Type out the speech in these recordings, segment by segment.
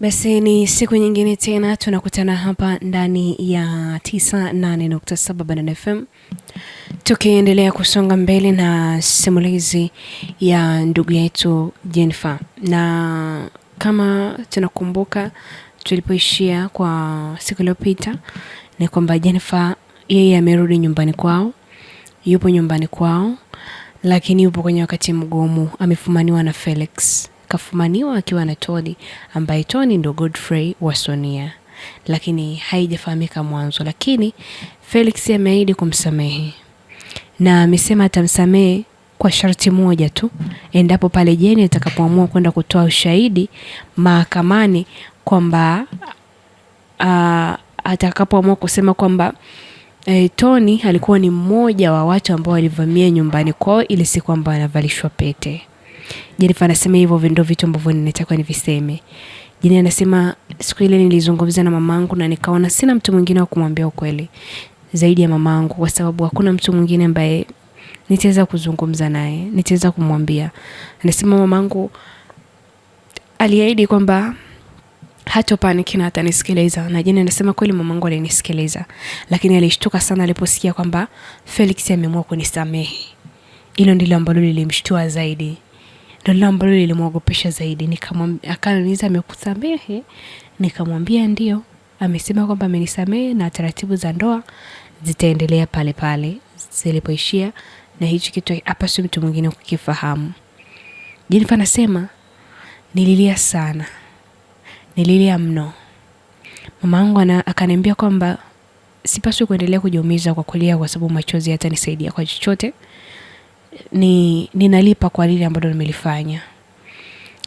Basi ni siku nyingine tena tunakutana hapa ndani ya 98.7 Banana FM tukiendelea kusonga mbele na simulizi ya ndugu yetu jennifer na kama tunakumbuka tulipoishia kwa siku iliyopita ni kwamba jennifer yeye amerudi nyumbani kwao, yupo nyumbani kwao, lakini yupo kwenye wakati mgumu, amefumaniwa na Felix kafumaniwa akiwa na Tony ambaye Tony ndo Godfrey wa Sonia, lakini haijafahamika mwanzo, lakini Felix ameahidi kumsamehe na amesema atamsamehe kwa sharti moja tu, endapo pale Jeni atakapoamua kwenda kutoa ushahidi mahakamani kwamba atakapoamua kusema kwamba e, Tony alikuwa ni mmoja wa watu ambao walivamia nyumbani kwao ile siku ambayo anavalishwa pete. Jenifa anasema hivyo ndio vitu ambavyo ninataka niviseme. Jini anasema siku ile nilizungumza na mamangu na nikaona sina mtu mwingine wa kumwambia ukweli zaidi ya mamangu, kwa sababu hakuna mtu mwingine ambaye nitaweza kuzungumza naye, nitaweza kumwambia. Anasema mamangu aliahidi kwamba hata hatopaniki na atanisikiliza. Na Jini anasema kweli mamangu alinisikiliza, lakini alishtuka sana aliposikia kwamba Felix ameamua kunisamehe. Hilo ndilo ambalo lilimshtua zaidi lile ambalo lilimwogopesha zaidi. Nikamwambia, akaniuliza amekusamehe? Nikamwambia ndio, amesema kwamba amenisamehe na taratibu za ndoa zitaendelea pale pale zilipoishia, na hichi kitu hapaswi mtu mwingine kukifahamu. Jenifa anasema nililia sana, nililia mno. Mama yangu akaniambia kwamba sipaswi kuendelea kujiumiza kwa kulia, kwa sababu machozi hata nisaidia kwa chochote ni ninalipa kwa lile ambalo nimelifanya,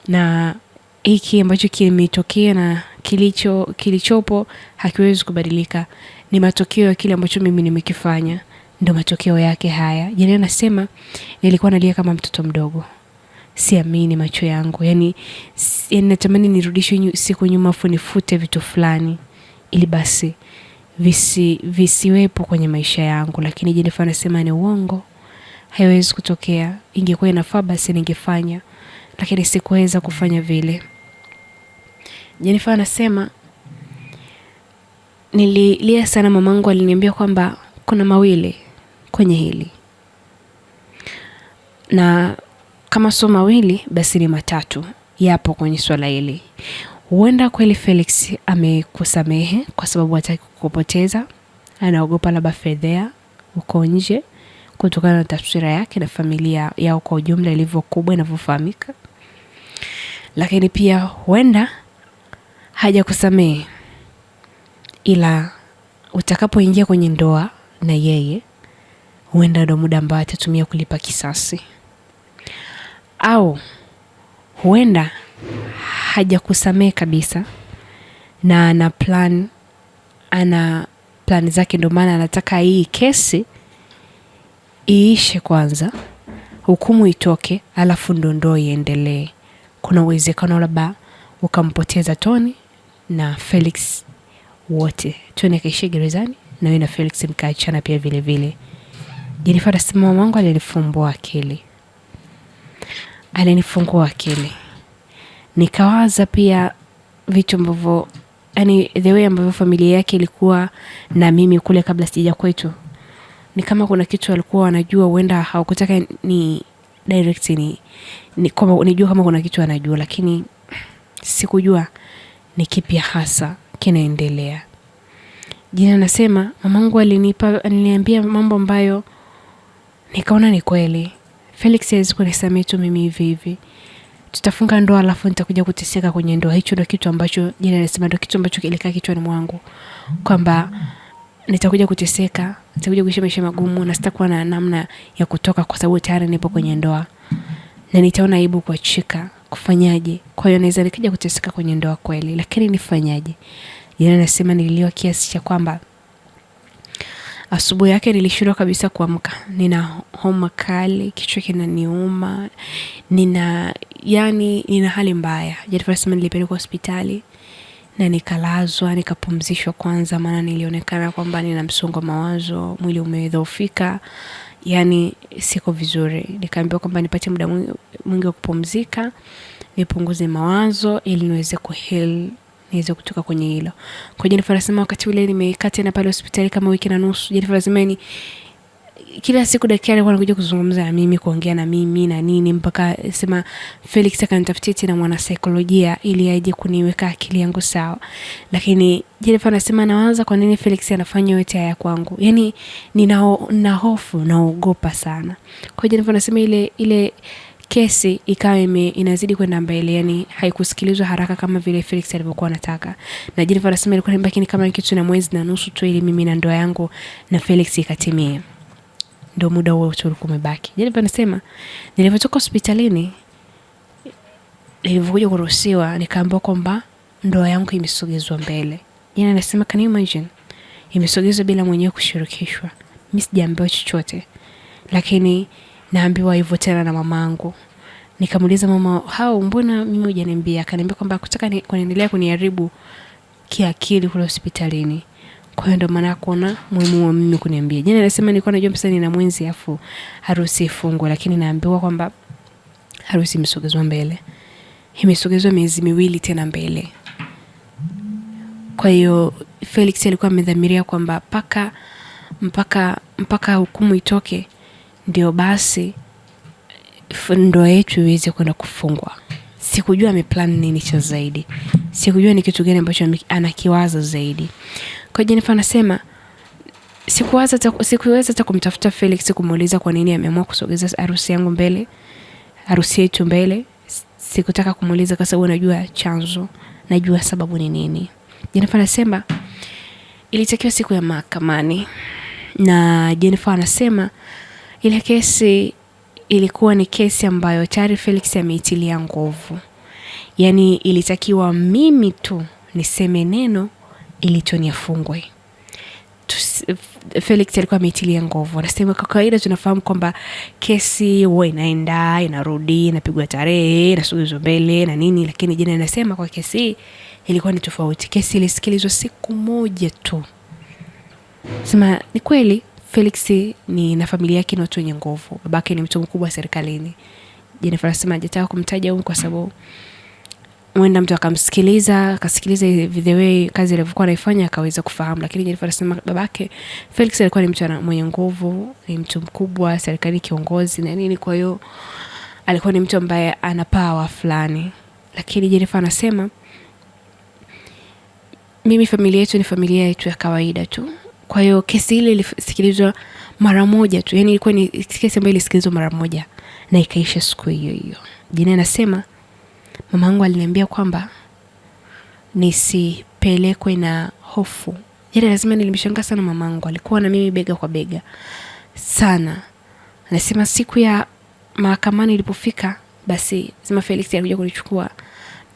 na hiki ambacho kimetokea na kilicho kilichopo hakiwezi kubadilika. Ni matokeo ya kile ambacho mimi nimekifanya, ndio matokeo yake haya. Jana yaani nasema nilikuwa nalia kama mtoto mdogo, siamini macho yangu. Yani, yani natamani nirudishe siku nyuma, afu nifute vitu fulani ili basi visi visiwepo kwenye maisha yangu, lakini Jenifer anasema ni uongo haiwezi kutokea. Ingekuwa inafaa basi ningefanya, lakini sikuweza kufanya vile. Jenifa anasema nililia sana, mamangu aliniambia kwamba kuna mawili kwenye hili na kama sio mawili basi ni matatu yapo kwenye swala hili. Huenda kweli Felix amekusamehe kwa sababu hataki kukupoteza, anaogopa labda fedhea uko nje kutokana na taswira yake na familia yao kwa ujumla ilivyo kubwa inavyofahamika. Lakini pia huenda kusamehe ila utakapoingia kwenye ndoa na yeye, huenda ndo muda ambao atatumia kulipa kisasi, au huenda hajakusamehe kabisa na ana plan ana plani zake, ndio maana anataka hii kesi iishe kwanza, hukumu itoke, alafu ndondoo iendelee. Kuna uwezekano labda ukampoteza Toni na Felix wote, Toni akaishia gerezani na huyu na Felix mkaachana pia vile vile. Jenifa anasema mama wangu alinifumbua akili, alinifungua akili, nikawaza pia vitu ambavyo, yani the way ambavyo familia yake ilikuwa na mimi kule kabla sijaja kwetu ni kama kuna kitu walikuwa wanajua, huenda hawakutaka ni direct ni, ni kama nijua kama kuna kitu anajua, lakini sikujua ni kipya hasa kinaendelea. Jina nasema mamangu alinipa aliniambia mambo ambayo nikaona ni kweli. Felix hawezi kunisamehe tu mimi hivi hivi. Tutafunga ndoa alafu nitakuja kuteseka kwenye ndoa. Hicho ndo kitu ambacho jina nasema ndo kitu ambacho kilikaa kichwani mwangu kwamba nitakuja kuteseka, nitakuja kuishi maisha magumu na sitakuwa na namna ya kutoka, kwa sababu tayari nipo kwenye ndoa na nitaona aibu kuachika. Kufanyaje? Kwa hiyo naweza nikaja kuteseka kwenye ndoa kweli, lakini nifanyaje? Yaani nasema nililiwa kiasi cha kwamba asubuhi yake nilishindwa kabisa kuamka, nina homa kali, kichwa kinaniuma, nina yani, nina hali mbaya. Japo nilipelekwa hospitali na nikalazwa nikapumzishwa kwanza, maana nilionekana kwamba nina msongo wa mawazo, mwili umedhoofika, yani siko vizuri. Nikaambiwa kwamba nipate muda mwingi wa kupumzika, nipunguze mawazo ili niweze kuheal niweze kutoka kwenye hilo. Kwa Jennifer anasema wakati ule nimekaa tena pale hospitali kama wiki na nusu. Jennifer lazima ni kila siku daktari alikuwa anakuja kuzungumza na mimi, kuongea na mimi na nini, mpaka sema Felix akanitafutia tena mwanasaikolojia ili aje kuniweka akili yangu sawa. Lakini Jennifer anasema nawaza, kwa nini Felix anafanya yote haya kwangu? Yani nina na hofu, naogopa sana. Kwa hiyo Jennifer anasema ile ile kesi ikawa inazidi kwenda mbele, yani haikusikilizwa haraka kama vile Felix alivyokuwa anataka. Na Jennifer anasema ilikuwa imebaki kama kitu na mwezi na nusu tu, ili mimi na ndoa yangu na Felix ikatimie ndio muda huo uchuru kumebaki. Jana nasema nilivyotoka hospitalini, nilivyokuja kuruhusiwa, nikaambiwa kwamba ndoa yangu imesogezwa mbele. Jana yaani anasema can you imagine, imesogezwa bila mwenyewe kushirikishwa. Mimi sijaambiwa chochote, lakini naambiwa hivyo tena na mamangu. Nikamuuliza mama, hao mbona mimi hujaniambia? Akaniambia kwamba kutaka kuendelea kuniharibu kiakili kule hospitalini. Kwa hiyo ndio maana kuona muhimu wa mimi kuniambia. Jana nasema nilikuwa najua msanii nina mwenzi afu harusi ifungwe, lakini naambiwa kwamba harusi imesogezwa mbele. Imesogezwa miezi miwili tena mbele. Kwa hiyo Felix alikuwa amedhamiria kwamba mpaka mpaka mpaka hukumu itoke ndio basi ndoa yetu iweze kwenda kufungwa. Sikujua ameplan nini cha zaidi, sikujua ni kitu gani ambacho anakiwaza zaidi. Kwa Jennifer anasema sikuweza sikuweza hata kumtafuta Felix kumuuliza kwa nini ameamua kusogeza harusi yangu mbele, harusi yetu mbele. Sikutaka kumuuliza kwa sababu najua chanzo, najua sababu ni nini. Jennifer anasema ilitakiwa siku ya mahakamani, na Jennifer anasema ile kesi ilikuwa ni kesi ambayo tayari Felix ameitilia ya nguvu, yaani ilitakiwa mimi tu niseme neno ili Tony afungwe. Felix alikuwa ameitilia nguvu. Anasema kwa kawaida tunafahamu kwamba kesi huwa inaenda inarudi, inapigwa tarehe, inasuguzwa mbele na nini, lakini jina anasema kwa kesi ilikuwa ni tofauti. Kesi ilisikilizwa siku moja tu. Sema ni kweli Felix ni na familia yake ni watu wenye nguvu. Babake ni mtu mkubwa serikalini. Jennifer anasema kumtaja huu kwa sababu huenda mtu akamsikiliza akasikiliza the kazi alivyokuwa anaifanya akaweza kufahamu. Lakini Jenifer anasema babake Felix alikuwa ni mtu mwenye nguvu, ni mtu mkubwa serikali kiongozi na nini, kwa hiyo alikuwa ni mtu ambaye ana pawa fulani. Lakini Jenifer anasema mimi, familia yetu ni familia yetu ya kawaida tu. Kwa hiyo kesi ile ilisikilizwa mara moja tu, yani ilikuwa ni kesi ambayo ilisikilizwa mara moja na ikaisha siku hiyo hiyo. Jenifer anasema mamangu aliniambia kwamba nisipelekwe na hofu. Yaani lazima nilimshanga sana mamangu, alikuwa na mimi bega kwa bega sana. Anasema siku ya mahakamani ilipofika, basi sema Felix alikuja kunichukua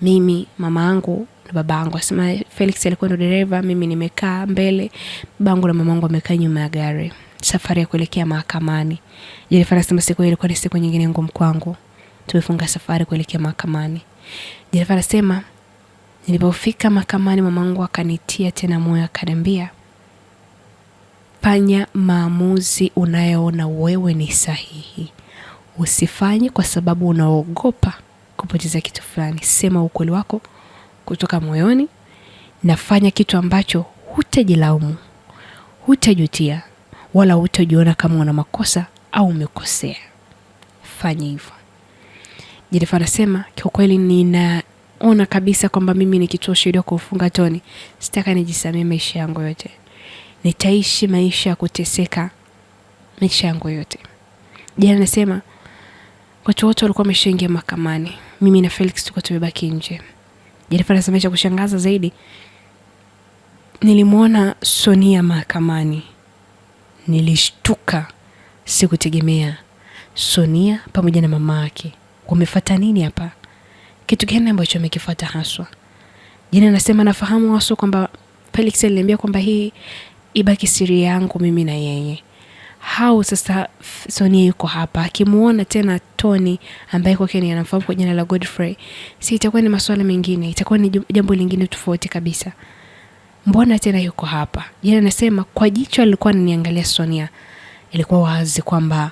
mimi, mamangu na babangu. Anasema Felix alikuwa ndo dereva, mimi nimekaa mbele, babangu na mamangu wamekaa nyuma ya gari, safari ya kuelekea mahakamani. Jenifer anasema siku hiyo ilikuwa ni siku nyingine ngumu kwangu tumefunga safari kuelekea mahakamani. Dereva anasema nilipofika mahakamani, mamangu akanitia tena moyo, akaniambia fanya maamuzi unayoona wewe ni sahihi, usifanye kwa sababu unaogopa kupoteza kitu fulani. Sema ukweli wako kutoka moyoni, nafanya kitu ambacho hutajilaumu, hutajutia, wala hutajiona kama una makosa au umekosea. Fanya hivyo. Jenifer anasema kiukweli, ninaona kabisa kwamba mimi ni ushahidi wa kufunga Toni, sitaka nijisamie maisha yangu yote, nitaishi maisha ya kuteseka maisha yangu yote. Jana anasema watu wote walikuwa wameshaingia mahakamani, mimi na Felix tuko tumebaki nje. Jenifer anasema cha kushangaza zaidi, nilimwona Sonia mahakamani, nilishtuka, sikutegemea Sonia pamoja na mama yake umefata nini hapa? Kitu gani ambacho wamekifata haswa? Jina anasema nafahamu haswa kwamba Felix aliniambia kwamba hii ibaki siri yangu mimi na yeye. Hao sasa Sonia yuko hapa akimwona tena Tony ambaye kwake ni anamfahamu kwa jina la Godfrey. Si itakuwa ni masuala mengine, itakuwa ni jambo lingine tofauti kabisa. Mbona tena yuko hapa? Jina anasema kwa jicho alikuwa ananiangalia Sonia. Ilikuwa wazi kwamba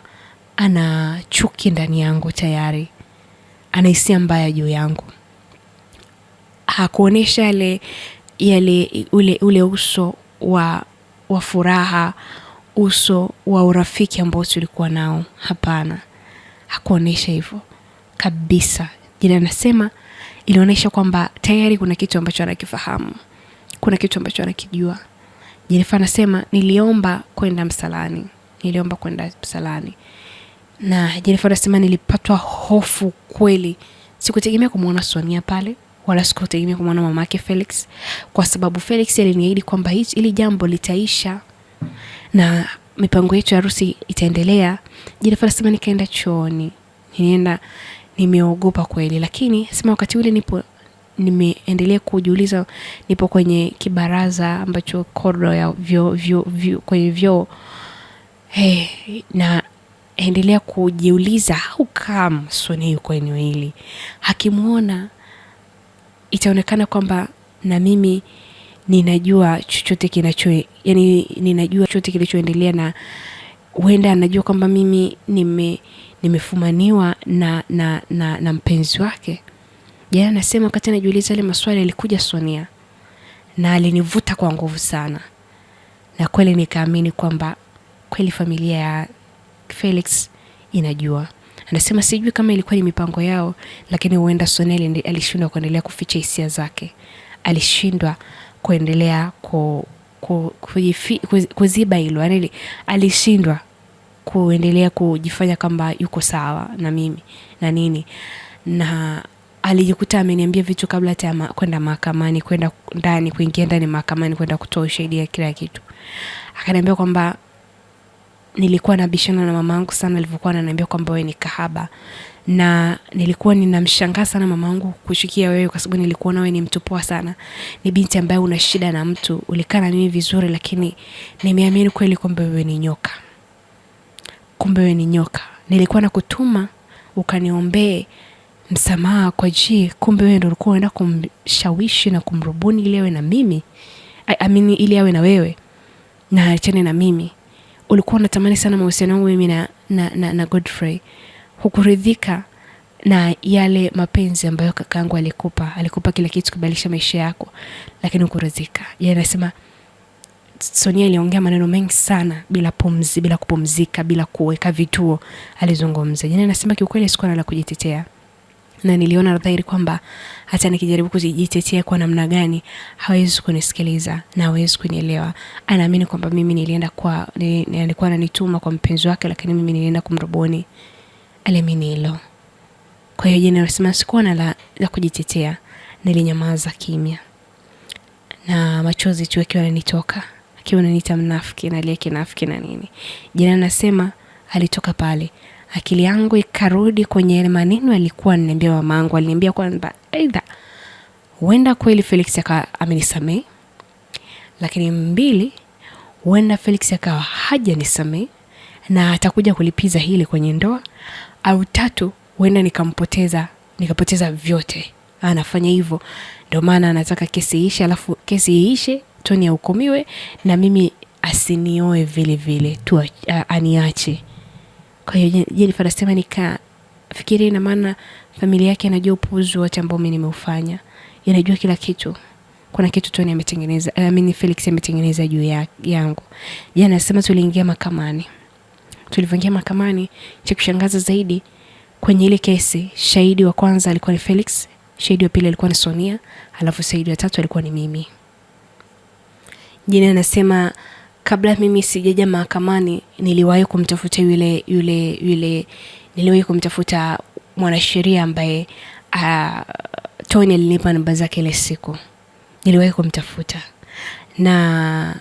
ana chuki ndani yangu tayari anahisia mbaya juu yangu. Hakuonyesha yale yale ule, ule uso wa, wa furaha, uso wa urafiki ambao tulikuwa nao. Hapana, hakuonyesha hivyo kabisa. Jina anasema ilionyesha kwamba tayari kuna kitu ambacho anakifahamu, kuna kitu ambacho anakijua. Jenifa anasema niliomba kwenda msalani, niliomba kwenda msalani na jenifa anasema nilipatwa hofu kweli, sikutegemea kumwona Sonia pale wala sikutegemea kumwona yake Felix, kwa sababu Felix aliniahidi kwamba hili jambo litaisha na mipango yetu ya harusi itaendelea. jenifa anasema nikaenda chooni, nienda nimeogopa kweli, lakini sema wakati ule nipo nimeendelea kujiuliza, nipo kwenye kibaraza ambacho korido ya vyo, vyo, vyo, kwenye vyoo hey, eh, na endelea kujiuliza how come Sone yuko eneo hili. Akimwona itaonekana kwamba na mimi ninajua chochote kinacho, yani ninajua chochote kilichoendelea, na huenda anajua kwamba mimi nime nimefumaniwa na, na, na, na mpenzi wake. Jana nasema wakati anajiuliza yale maswali, alikuja Sonia na alinivuta kwa nguvu sana, na kweli nikaamini kwamba kweli familia ya Felix inajua. Anasema sijui kama ilikuwa ni mipango yao, lakini huenda Soneli alishindwa kuendelea kuficha hisia zake, alishindwa kuendelea ku, ku, kujifi, kuziba hilo, yaani alishindwa kuendelea kujifanya kwamba yuko sawa na mimi na nini, na alijikuta ameniambia vitu kabla hata ma, kwenda mahakamani, kwenda ndani, kuingia ndani mahakamani, kwenda kutoa ushahidi ya kila kitu. Akaniambia kwamba nilikuwa nabishana na mama mamangu sana alivyokuwa ananiambia kwamba wewe ni kahaba, na nilikuwa ninamshangaa sana mama mamangu kushikia wewe, kwa sababu nilikuwa na wewe ni mtu poa sana, ni binti ambaye una shida na mtu, ulikaa na mimi vizuri, lakini nimeamini kweli kwamba wewe ni nyoka. Kumbe wewe ni nyoka. Nilikuwa na kutuma ukaniombee msamaha kwa ji, kumbe wewe ndio ulikuwa unaenda kumshawishi na kumrubuni ili awe na mimi I mean, ili awe na wewe na achane na mimi ulikuwa unatamani sana mahusiano yangu mimi na, na, na, na Godfrey, hukuridhika na yale mapenzi ambayo kakaangu alikupa, alikupa kila kitu kubadilisha maisha yako, lakini hukuridhika. Yeye anasema Sonia aliongea maneno mengi sana bila pumzi, bila kupumzika, bila kuweka vituo, alizungumza. jani anasema kiukweli sikuwa na la kujitetea na niliona dhahiri kwamba hata nikijaribu kujitetea kwa namna gani hawezi kunisikiliza na hawezi kunielewa. Anaamini kwamba mimi nilienda kwa, alikuwa ananituma kwa mpenzi wake, lakini mimi nilienda kumroboni. Aliamini hilo. Kwa hiyo jina nasema sikuwa na la, la kujitetea, nilinyamaza kimya na machozi tu akiwa ananitoka akiwa ananiita mnafiki na aliye kinafiki na nini. jina nasema alitoka pale Akili yangu ikarudi kwenye ile maneno alikuwa ananiambia mamangu. Aliniambia kwamba aidha huenda kweli Felix akawa amenisamehe, lakini mbili, huenda Felix akawa nisamee na atakuja kulipiza hili kwenye ndoa, au tatu, huenda nikampoteza nikapoteza vyote. Anafanya hivyo, ndio maana anataka kesi iishe, alafu kesi iishe, toni ahukumiwe na mimi asinioe vile vile tu, uh, aniache. Kwa hiyo Jenifer anasema nikafikiri, ina maana familia yake inajua upuuzi wote ambao mimi nimeufanya, inajua kila kitu. Kuna kitu Tony ametengeneza, I mean Felix ametengeneza juu ya, yangu. Jana anasema tuliingia mahakamani. Tulivyoingia mahakamani, cha kushangaza zaidi kwenye ile kesi, shahidi wa kwanza alikuwa ni Felix, shahidi wa pili alikuwa ni Sonia, alafu shahidi wa tatu alikuwa ni mimi. Jina anasema kabla mimi sijaja mahakamani niliwahi kumtafuta yule yule yule, niliwahi kumtafuta mwanasheria ambaye uh, Tony alinipa namba zake ile siku, niliwahi kumtafuta na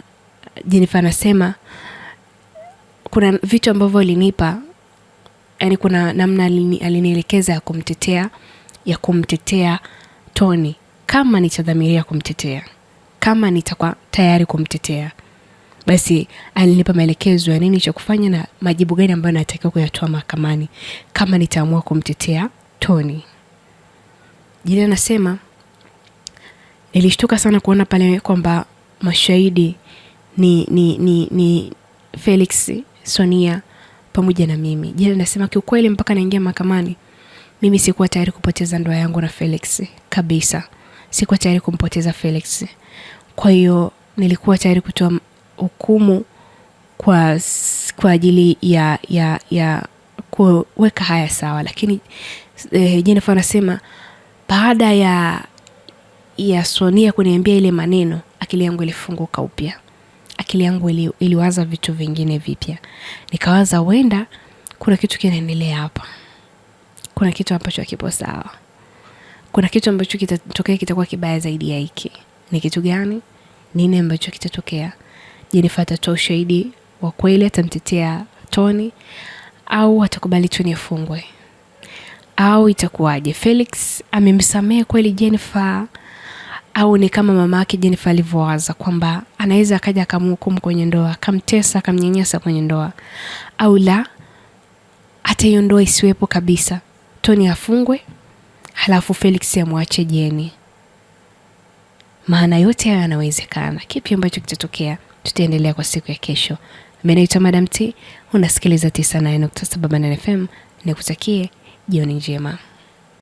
Jenifa anasema kuna vitu ambavyo alinipa, yani kuna namna alinielekeza ya kumtetea ya kumtetea Tony kama nitadhamiria kumtetea, kama nitakuwa tayari kumtetea basi alinipa maelekezo ya nini cha kufanya na majibu gani ambayo natakiwa kuyatoa mahakamani kama nitaamua kumtetea Tony. Jina nasema nilishtuka sana kuona pale kwamba mashahidi ni, ni, ni, ni Felix Sonia pamoja na mimi. jili nasema kiukweli, mpaka naingia mahakamani mimi sikuwa tayari kupoteza ndoa yangu na Felix kabisa, sikuwa tayari kumpoteza Felix. Kwa hiyo nilikuwa tayari kutoa hukumu kwa, kwa ajili ya, ya, ya kuweka haya sawa, lakini eh, Jenifer anasema baada ya ya Sonia kuniambia ile maneno, akili yangu ilifunguka upya, akili yangu ili, iliwaza vitu vingine vipya. Nikawaza huenda kuna kitu kinaendelea hapa, kuna kitu ambacho akipo sawa, kuna kitu ambacho kitatokea kitakuwa kibaya zaidi ya hiki. Ni kitu gani? Nini ambacho kitatokea? Jenifer atatoa ushahidi wa kweli, atamtetea Tony au atakubali Tony afungwe au itakuwaje? Felix amemsamehe kweli Jenifer au ni kama mama yake Jenifer alivyowaza kwamba anaweza akaja akamhukumu kwenye ndoa, akamtesa, akamnyanyasa kwenye ndoa, au la ataiondoa isiwepo kabisa, Tony afungwe, halafu Felix amwache Jeni. Maana yote hayo yanawezekana. Kipi ambacho kitatokea? tutaendelea kwa siku ya kesho. Mimi naitwa Madam T, unasikiliza 98.7 FM, nikutakie jioni njema.